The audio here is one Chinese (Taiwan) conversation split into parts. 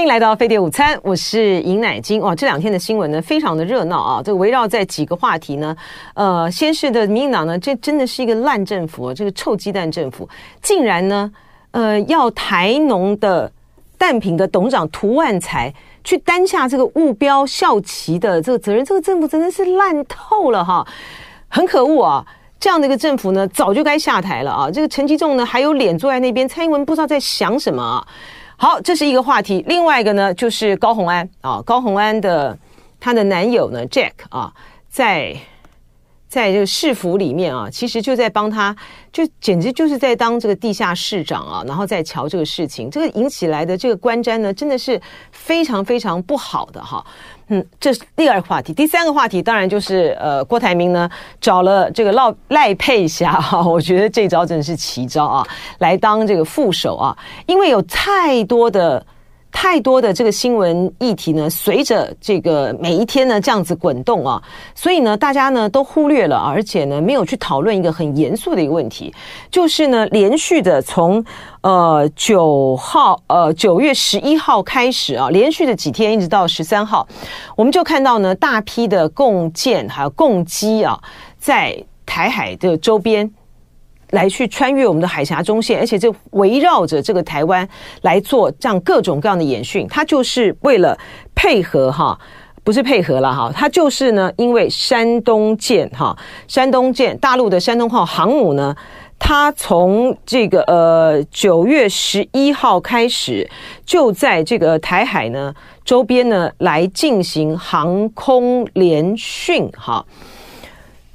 歡迎來到飛碟午餐，我是尹乃金。哇，這兩天的新聞呢，非常的熱鬧啊。這圍繞在幾個話題呢，呃，先是的民進黨呢，這真的是一個爛政府、啊，這個臭雞蛋政府，竟然呢，呃，要台農的蛋品的董事長涂萬才去擔下這個目標校旗的這個責任，這個政府真的是爛透了哈，很可惡啊！這樣的一個政府呢，早就該下台了啊。這個陳吉仲呢，還有臉坐在那邊，蔡英文不知道在想什麼啊。好，這是一個話題。另外一個呢，就是高虹安啊，高虹安的她的男友呢，Jack 啊，在。在這個市府裡面啊，其實就在幫他，就簡直就是在當這個地下市長啊，然後在喬這個事情，這個引起來的這個觀瞻呢，真的是非常非常不好的哈。嗯，這是第二個話題，第三個話題當然就是呃，郭台銘呢找了這個賴賴佩霞哈、啊，我覺得這招真的是奇招啊，來當這個副手啊，因為有太多的。太多的這個新聞議題呢，隨着這個每一天呢這樣子滾動啊，所以呢，大家呢都忽略了，而且呢沒有去討論一個很嚴肅的一個問題，就是呢連續的從呃九號呃九月十一號開始啊，連續的幾天一直到十三號，我們就看到呢大批的共艦還有共機啊在台海的周邊。來去穿越我們的海峽中線，而且這圍繞着這個台灣來做這樣各種各樣的演訓，它就是為了配合哈，不是配合了哈，它就是呢，因為山東艦哈，山東艦大陸的山東號航母呢，它從這個呃九月十一號開始就在這個台海呢周邊呢來進行航空聯訓哈。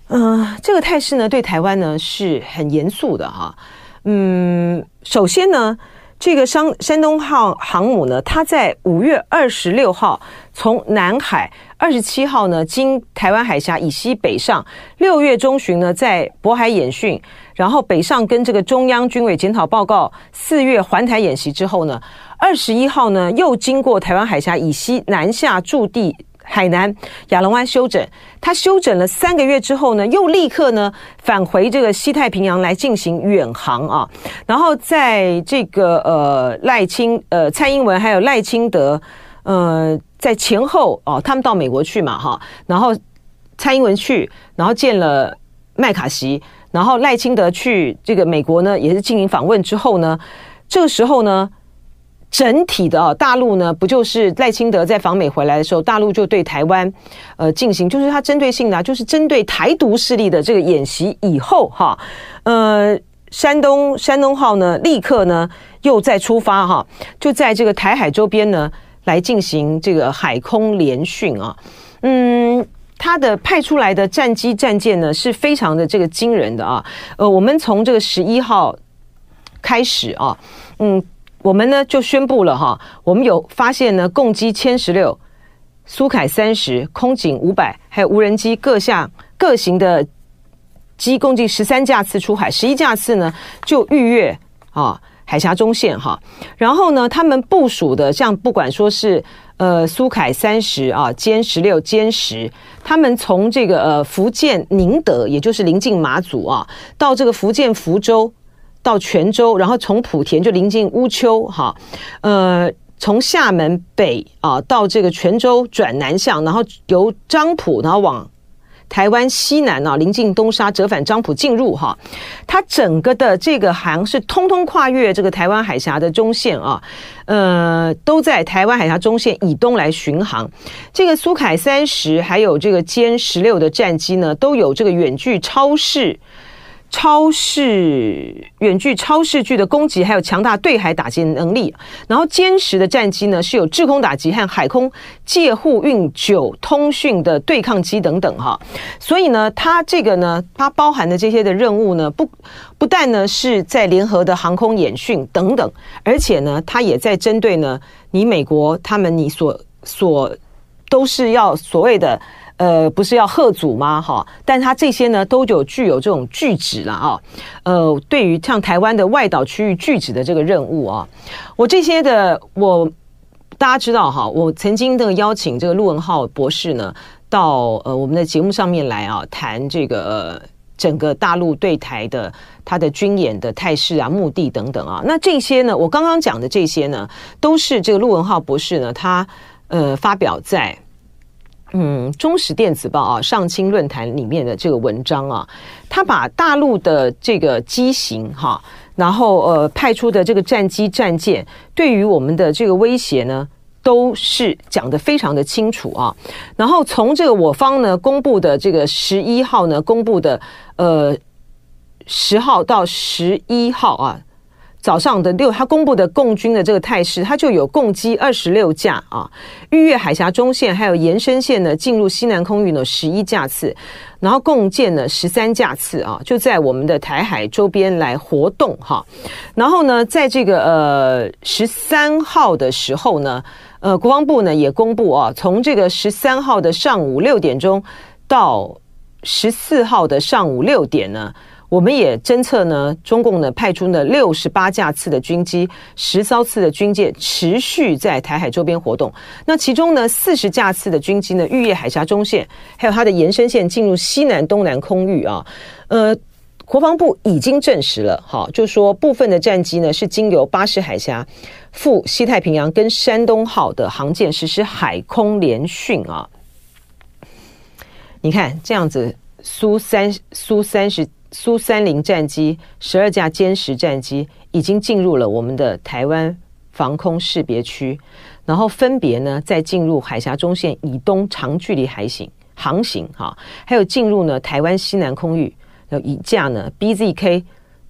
嗯、呃，這個態勢呢，對台灣呢是很嚴肅的哈。嗯，首先呢，這個山山東號航母呢，它在五月二十六號從南海，二十七號呢經台灣海峽以西北上，六月中旬呢在渤海演訓，然後北上跟這個中央軍委檢討報告，四月環台演習之後呢，二十一號呢又經過台灣海峽以西南下駐地。海南亞龍灣休整，他休整了三個月之後呢，又立刻呢返回這個西太平洋來進行遠航啊。然後在這個呃賴清呃蔡英文還有賴清德呃在前後哦，他們到美國去嘛哈、哦，然後蔡英文去，然後見了麥卡錫，然後賴清德去這個美國呢也是進行訪問之後呢，這個時候呢。整體的啊，大陸呢不就是賴清德在訪美回來的時候，大陸就對台灣，呃，進行就是它針對性的、啊，就是針對台獨勢力的這個演習以後哈，呃，山東山東號呢立刻呢又再出發哈，就在這個台海周邊呢來進行這個海空聯訓啊，嗯，他的派出來的戰機戰艦呢是非常的這個驚人的啊，呃，我們從這個十一號開始啊，嗯。我們呢就宣布了哈，我們有發現呢，共機殲十六、蘇凱三十、空警五百，還有無人機各項各型的機，共計十三架次出海，十一架次呢就逾越啊海峽中線哈、啊。然後呢，他們部署的像不管說是呃蘇凱三十啊殲十六殲十，他們從這個呃福建寧德，也就是臨近馬祖啊，到這個福建福州。到泉州，然後從莆田就臨近烏丘哈，呃，從廈門北啊到這個泉州轉南向，然後由漳浦然後往台灣西南啊臨近東沙折返漳浦進入哈、啊，它整個的這個航是通通跨越這個台灣海峽的中線啊，呃，都在台灣海峽中線以東來巡航。這個蘇凱三十還有這個殲十六的戰機呢，都有這個遠距超視，超視遠距、超視距的攻擊，還有強大對海打擊能力，然後殲十的戰機呢，是有制空打擊和海空借護運、九通訊的對抗機等等哈。所以呢，它這個呢，它包含的這些的任務呢，不不但呢是在聯合的航空演訓等等，而且呢，它也在針對呢，你美國他們你所所。都是要所謂的，呃，不是要嚇阻嗎？哈、哦，但他這些呢，都有具有這種拒止了啊、哦。呃，對於像台灣的外島區域拒止的這個任務啊、哦，我這些的我大家知道哈、哦，我曾經的邀請這個陸文浩博士呢，到呃我們的節目上面來啊，談這個呃整個大陸對台的他的軍演的態勢啊、目的等等啊。那這些呢，我剛剛講的這些呢，都是這個陸文浩博士呢他。呃，發表在嗯，《中時電子報》啊，《上清論壇》裡面的這個文章啊，他把大陸的這個機型哈、啊，然後呃派出的這個戰機戰艦，對於我們的這個威脅呢，都是講得非常的清楚啊。然後從這個我方呢公布的這個十一號呢公布的呃十號到十一號啊。早上的六，他公布的共軍的這個態勢，他就有共機二十六架啊，逾越海峽中線還有延伸線呢，進入西南空域呢十一架次，然後共艦呢十三架次啊，就在我們的台海周邊來活動哈。然後呢，在這個呃十三號的時候呢，呃，國防部呢也公布啊，從這個十三號的上午六點鐘到十四號的上午六點呢。我們也偵測呢，中共呢派出呢六十八架次的軍機，十艘次的軍艦持續在台海周邊活動。那其中呢四十架次的軍機呢，逾越海峽中線還有它的延伸線進入西南東南空域啊。呃，國防部已經證實了，哈，就說部分的戰機呢是經由巴士海峽赴西太平洋，跟山東號的航艦實施海空聯訓啊。你看這樣子，蘇三蘇三十。蘇三零戰機十二架殲十戰機已經進入了我們的台灣防空識別區，然後分別呢再進入海峽中線以東長距離海行航行哈，還有進入呢台灣西南空域，有一架呢 B Z K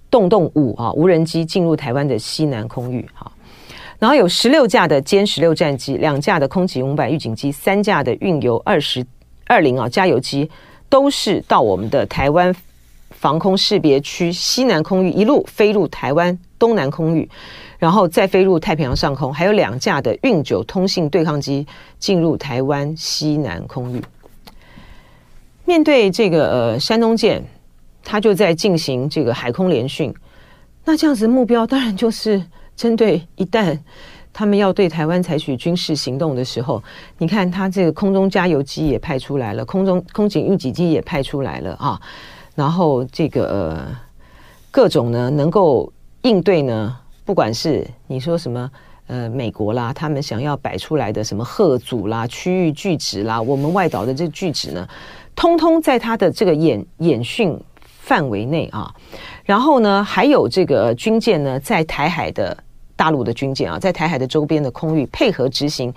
洞洞五啊無人機進入台灣的西南空域哈，然後有十六架的殲十六戰機，兩架的空警五百預警機，三架的運油二十二零啊加油機，都是到我們的台灣。防空識別區西南空域一路飛入台灣東南空域，然後再飛入太平洋上空，還有兩架的運九通信對抗機進入台灣西南空域。面對這個、呃、山東艦，它就在進行這個海空聯訓。那這樣子目標當然就是針對一旦他們要對台灣採取軍事行動的時候，你看它這個空中加油機也派出來了，空中空警預警機也派出來了啊。然後這個各種呢，能夠應對呢，不管是你說什麼，呃，美國啦，他們想要擺出來的什麼遏阻啦、區域拒止啦，我們外島的這拒止呢，通通在他的這個演演訓範圍內啊。然後呢，還有這個軍艦呢，在台海的大陸的軍艦啊，在台海的周邊的空域配合執行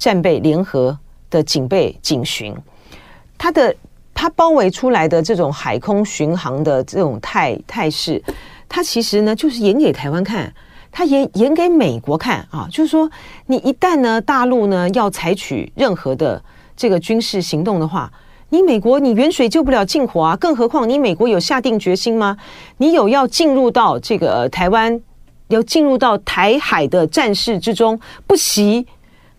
戰備聯合的警備警巡，他的。它包圍出來的這種海空巡航的這種態態勢，它其實呢就是演給台灣看，它演演給美國看啊，就是說你一旦呢大陸呢要採取任何的這個軍事行動的話，你美國你遠水救不了近火啊，更何況你美國有下定決心嗎？你有要進入到這個、呃、台灣，要進入到台海的戰事之中不惜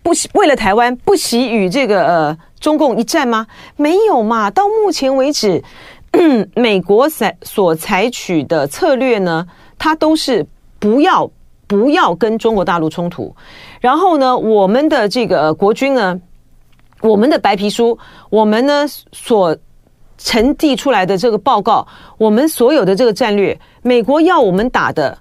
不惜為了台灣，不惜與這個呃中共一戰嗎？沒有嘛！到目前為止，嗯、美國採所採取的策略呢，它都是不要不要跟中國大陸衝突。然後呢，我們的這個、呃、國軍呢，我們的白皮書，我們呢所呈遞出來的這個報告，我們所有的這個戰略，美國要我們打的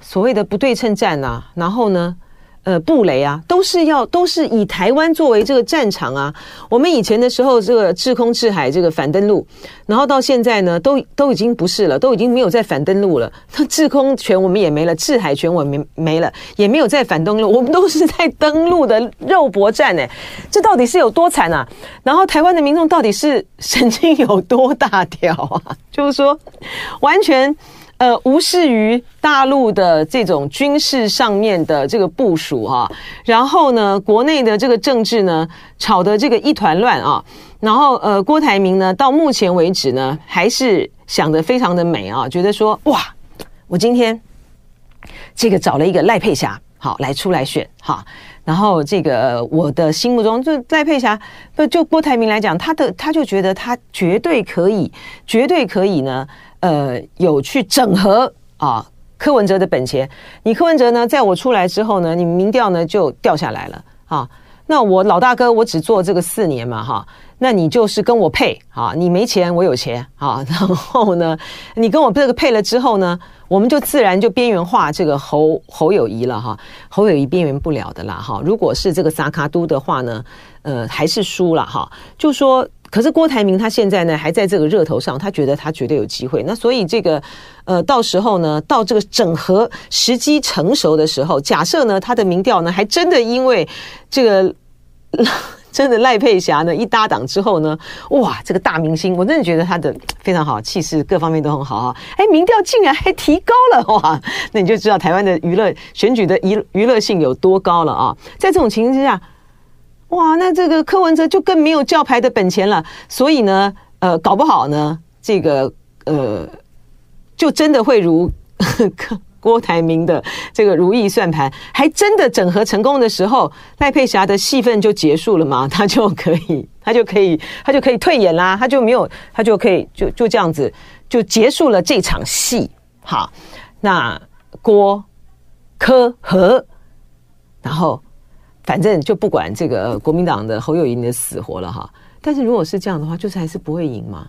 所謂的不對稱戰啊，然後呢，呃，布雷啊，都是要都是以台灣作為這個戰場啊。我們以前的時候，這個制空、制海，這個反登陸，然後到現在呢，都都已經不是了，都已經沒有再反登陸了。那制空權我們也沒了，制海權我們沒了，也沒有再反登陸，我們都是在登陸的肉搏戰呢、欸，這到底是有多慘啊？然後台灣的民眾到底是神經有多大條啊？就是說，完全。呃，無視於大陸的這種軍事上面的這個部署哈、啊，然後呢，國內的這個政治呢，吵得這個一團亂啊。然後呃，郭台銘呢，到目前為止呢，還是想得非常的美啊，覺得說哇，我今天這個找了一個賴佩霞好來出來選哈，然後這個我的心目中就賴佩霞，就郭台銘來講，他的他就覺得他絕對可以，絕對可以呢。呃，有去整合啊，柯文哲的本錢。你柯文哲呢，在我出來之後呢，你民調呢就掉下來了啊。那我老大哥，我只做這個四年嘛，哈、啊。那你就是跟我配啊，你沒錢，我有錢啊。然後呢，你跟我這個配了之後呢，我們就自然就邊緣化這個侯侯友宜了哈。侯友宜、啊、邊緣不了的啦哈、啊。如果是這個三腳督的話呢，呃，還是輸了哈、啊。就說。可是郭台銘他現在呢還在這個熱頭上，他覺得他絕對有機會。那所以這個，呃，到時候呢，到這個整合時機成熟的時候，假設呢他的民調呢還真的因為這個真的賴佩霞呢一搭檔之後呢，哇，這個大明星，我真的覺得他的非常好，氣勢各方面都很好啊。哎，民調竟然還提高了哇！那你就知道台灣的娛樂選舉的娛娛樂性有多高了啊！在這種情形之下。哇，那這個柯文哲就更沒有叫牌的本錢了，所以呢，呃，搞不好呢，這個呃，就真的會如呵呵郭台銘的這個如意算盤，還真的整合成功的時候，賴佩霞的戲份就結束了嘛？他就可以，他就可以，他就可以退演啦，他就沒有，他就可以就就這樣子就結束了這場戲。好，那郭、柯和，然後。反正就不管這個國民黨的侯友宜的死活了哈，但是如果是這樣的話，就是還是不會贏嘛，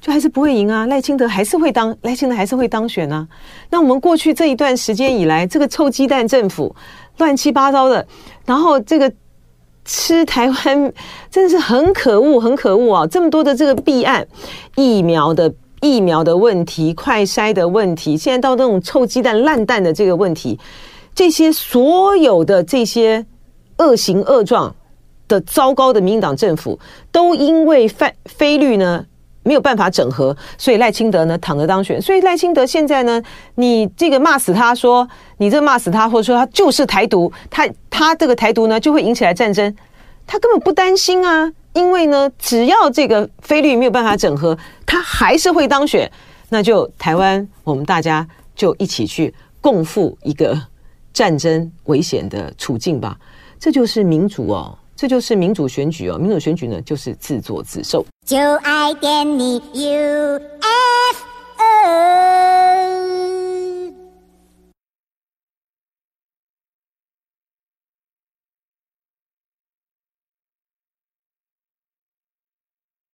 就還是不會贏啊！賴清德還是會當，賴清德還是會當選啊。那我們過去這一段時間以來，這個臭雞蛋政府亂七八糟的，然後這個吃台灣真的是很可惡，很可惡啊！這麼多的這個弊案、疫苗的疫苗的問題、快篩的問題，現在到那種臭雞蛋爛蛋的這個問題，這些所有的這些。惡行惡狀的糟糕的民進黨政府，都因為非菲律呢，沒有辦法整合，所以賴清德呢躺着當選。所以賴清德現在呢，你這個罵死他說，你這罵死他，或者說他就是台獨，他他這個台獨呢就會引起來戰爭，他根本不擔心啊，因為呢只要這個菲律沒有辦法整合，他還是會當選，那就台灣我們大家就一起去共赴一個戰爭危險的處境吧。這就是民主哦，這就是民主選舉哦，民主選舉呢，就是自作自受。就愛